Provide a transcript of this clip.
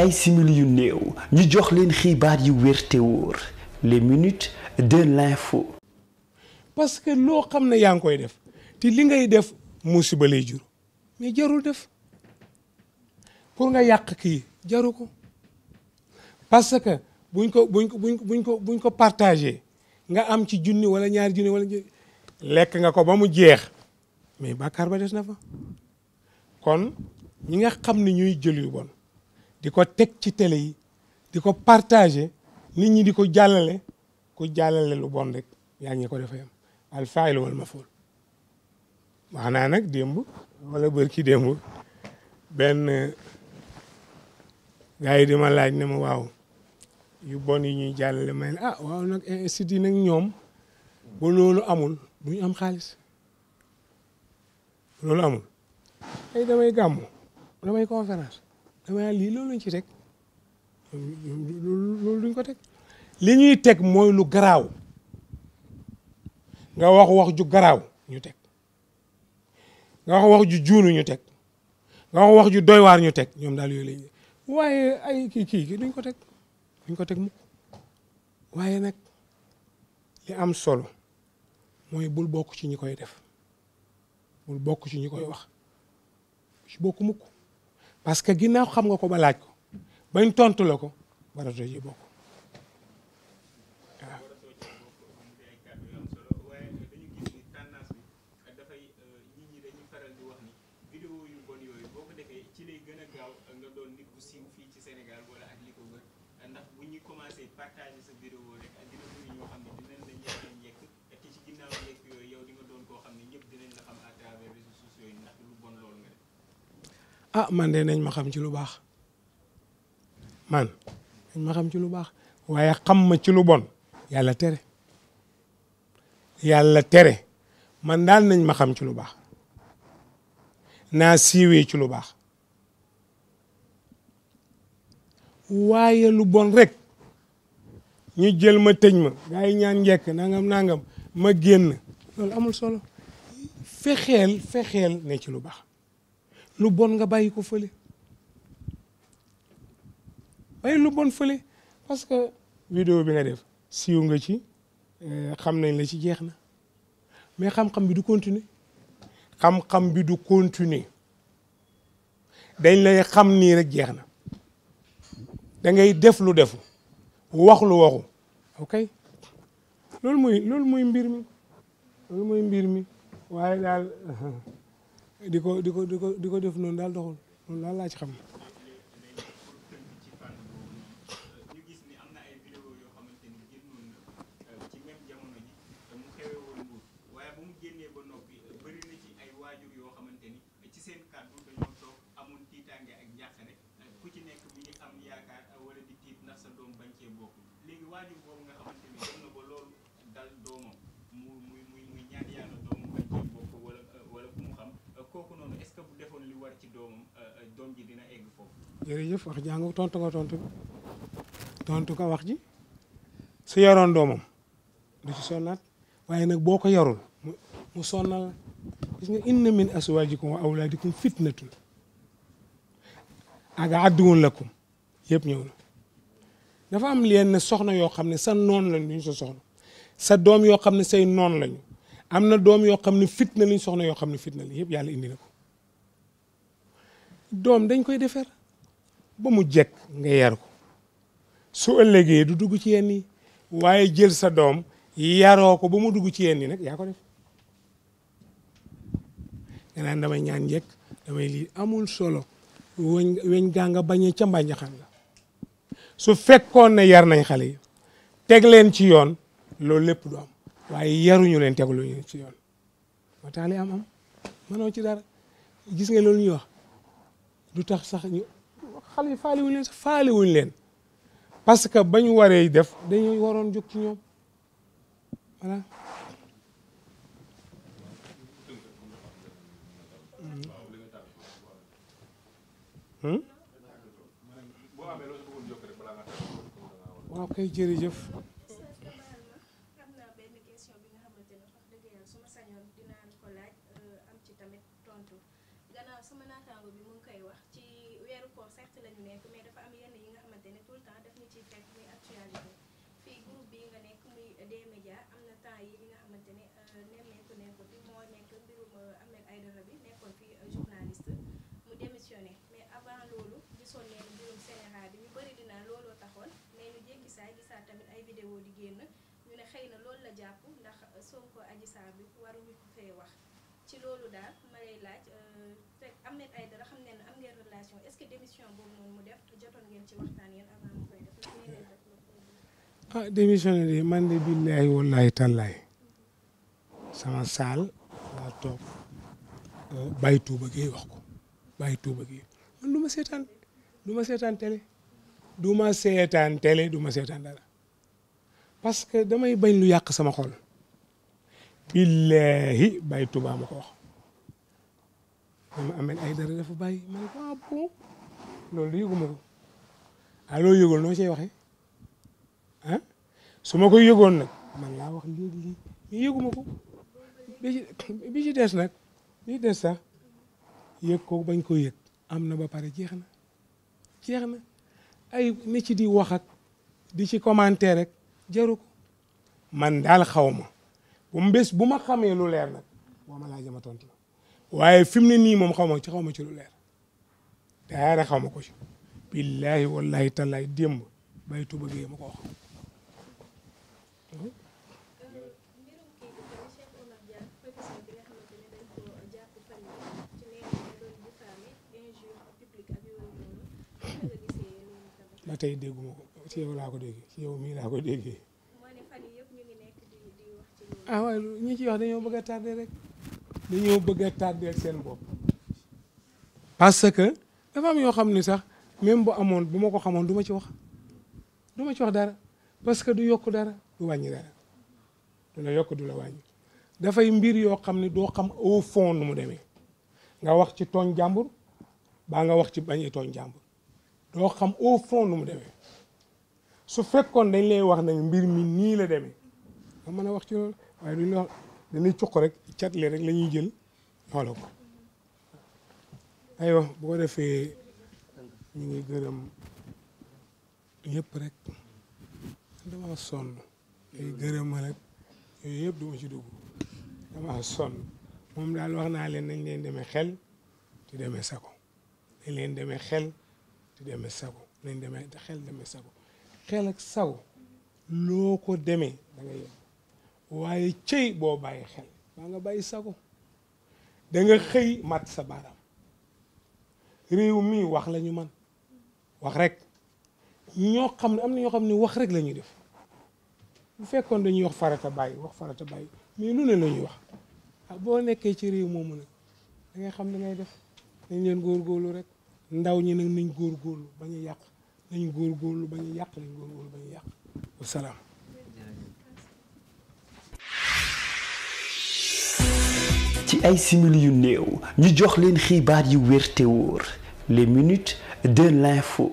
ay simili yu néew ñu jox leen xibaar yu wér te wóor les minutes de l'info parce que loo xam ne yaa ngi koy def ti li ngay def musiba lay jur mais jarul def pour nga yàq kii jaru ko parce que buñ ko buñ ko buñ ko buñ ko partagé nga am ci junni wala ñaari junni wala lekk nga ko ba mu jeex mais bàkkaar ba des na fa kon ñi nga xam ni ñuy jël yu bon di ko teg ci télé yi di ko partagé nit ñi di ko jàllale ku jàllale lu bon rek yaa ngi ko defee am al faa'il wal maf'uul wax naa nag démb wala ki démb benn gars yi di ma laaj ne ma waaw yu bon yi ñuy jàllale may ah waaw nag institut yi nag ñoom bu amul bu ñu am xaalis loolu amul ay damay gàmmu damay conférence dama lii loolu lañ ci teg loolu ko teg li ñuy teg mooy lu garaaw nga wax wax ju garaaw ñu teg nga wax wax ju juunu ñu teg nga wax wax ju doy waar ñu teg ñoom daal yooyu lañ waaye ay kii kii duñ ko teg duñ ko teg mukk waaye nag li am solo mooy bul bokk ci ñi koy def bul bokk ci ñi koy wax ci bokk mukk parce que ginnaaw xam nga ko ba laaj ko bañ tontu la ko waratoo ji bokk ah man de nañ ma xam ci lu baax man nañ ma xam ci lu baax waaye xam ma ci lu bon yàlla tere yàlla tere man daal nañ ma xam ci lu baax naa sii ci lu baax waaye lu bon rek ñu jël ma tëj ma gaa yi ñaan njekk nangam nangam ma génn loolu amul solo fexeel fexeel ne ci lu baax lu bon nga bàyyi ko fële bàyyi lu bon fële parce que vidéo bi nga def siiw nga ci eh, xam nañ la ci jeex na mais xam-xam bi du continuer xam-xam bi du continuer dañ lay xam nii rek jeex na da ngay def lu defu wax lu waxu ok loolu mooy loolu mooy mbir mi loolu mooy mbir mi waaye daal di ko di ko di ko di ko def noonu daal doxul loolu daal laa ci jamono ji mu waaye génnee ba noppi xam. léegi waajur boobu nga jërëjëf wax jàngu tontu nga tontu tontu ko wax ji su yaroon doomam du ci sonnaat waaye nag boo ko yarul mu sonnal gis nga inna min aswaajikum wa awlaadikum fitnatun ak adduwun lakum yëpp ñëw na dafa am leen soxna yoo xam ne sa noon lañ duñ sa soxna sa doom yoo xam ne say noon lañu am na doom yoo xam ne fitna li soxna yoo xam ne fitna li yëpp yàlla indi na ko doom dañ koy defar ba mu jekk nga yar ko su ëllëgee du dugg ci yenn yi waaye jël sa doom yaroo ko ba mu dugg ci yenn yi nag yaa ko def nga naan damay ñaan njëkk damay lii amul solo weñ weñ gaa nga bañee ca mbàñña xam nga su fekkoon ne yar nañ xale yi teg leen ci yoon loolu lépp du am waaye yaruñu leen teguluñu leen ci yoon moo tax li am am mënoo ci dara gis nga loolu ñuy wax du tax sax xale yi faale wuñ leen sax faale wuñ leen bañ waree def dañuy waroon jóg ñoom voilà hmm? waaw kay jërëjëf sama secte la ñu nekk mais dafa am yenn yi nga xamante ne tout le temps daf ñu ciy fekk muy actualité fii groupe bi nga nekk muy des médias am na temps yi nga xamante ne euh, nemmeeku nekkul bi moo nekk mbirum euh, Ahmed Aïdara bi nekkoon fii euh, journaliste mu démissionné mais avant loolu gisoon neen mbirum Sénégal bi ñu bëri dinaa looloo taxoon mais ñu jékki saa gisaat tamit ay vidéo di génn ñu ne xëy na loolu la jàpp ndax Sonko Adji Sarr bi waruñu ko fee wax ci loolu daal ma lay laaj fekk euh, Ahmed Aidara xam ne am ngeen ah démissionné de man de billahi wallahi tallaay sama saal laa toog euh, bàyyi tuuba gi wax ko bàyyi tuuba gi man du ma seetaan du ma seetaan télé du ma seetaan télé du parce que damay bañ lu yàq sama xol billaahi bàyyi Touba ma ko ay dara dafa bàyyi ma ko ah bon loolu yëgu ma ko ah loo yëgul noo cay waxee ah su ma koy yëgoon nag man laa wax léegi lii mais yëgu ko bi ci des nag bi ci des sax yëg ko bañ ko yëg am na ba pare jeex na jeex na ay ni ci di wax ak di ci commenter rek jaru man daal xaw bu mbés bu ma xamee lu leer nag boo waaye fi mu ne nii moom xaw ma ci xaw ma ci lu leer daara xaw ma ko ci démb bay tuba gee ma ko wax ba tey dégguma ko laa ko déggee ci yow laa ko déggee ah waaye ñi ci wax dañoo bëgg a tardé rek dañoo bëgg a tardé seen bopp parce que dafa am yoo xam ni sax même bu amoon bu ma ko xamoon duma ci wax du ci wax dara parce que du yokk dara du wàññi dara du la yokk du la wàññi dafay mbir yoo xam ni doo xam au fond mu demee nga wax ci tooñ jàmbur baa nga wax ci bañ tooñ jàmbur doo xam au fond mu demee su fekkoon dañ lay wax nag mbir mi nii la demee nga mën a wax ci loolu waaye lu ñu wax dañuy cuq rek catle rek la ñuy jël xoolal ko aywa boo defee ñu ngi gërëm yëpp rek dama sonn day gërëm ma rek yooyu yëpp duma ci dugg dama sonn moom daal wax naa leen nañ leen demee xel te deme sago nañ leen demee xel te deme sago nañ demee xel demee sago xel ak sago loo ko demee waaye cëy boo bàyyi xel maa nga bàyyi sago da nga xëy mat sa baaraam réew mi wax lañu man wax rek ñoo xam ne am na ñoo xam ne wax rek la def bu fekkoon dañuy wax farata bàyyi wax farata bàyyi mais lu ne la ñuy wax ah boo nekkee ci réew moomu nag da ngay xam li ngay def nañ leen góor góorlu rek ndaw ñi nag nañ góor góorgóorlu ba a yàq nañ góorgóorlu ba ñu yàq nañ góorgóorlu ba a yàq wasalaam ci ay simili yu néew ñu jox leen xibaar yu wér te les minutes de l'info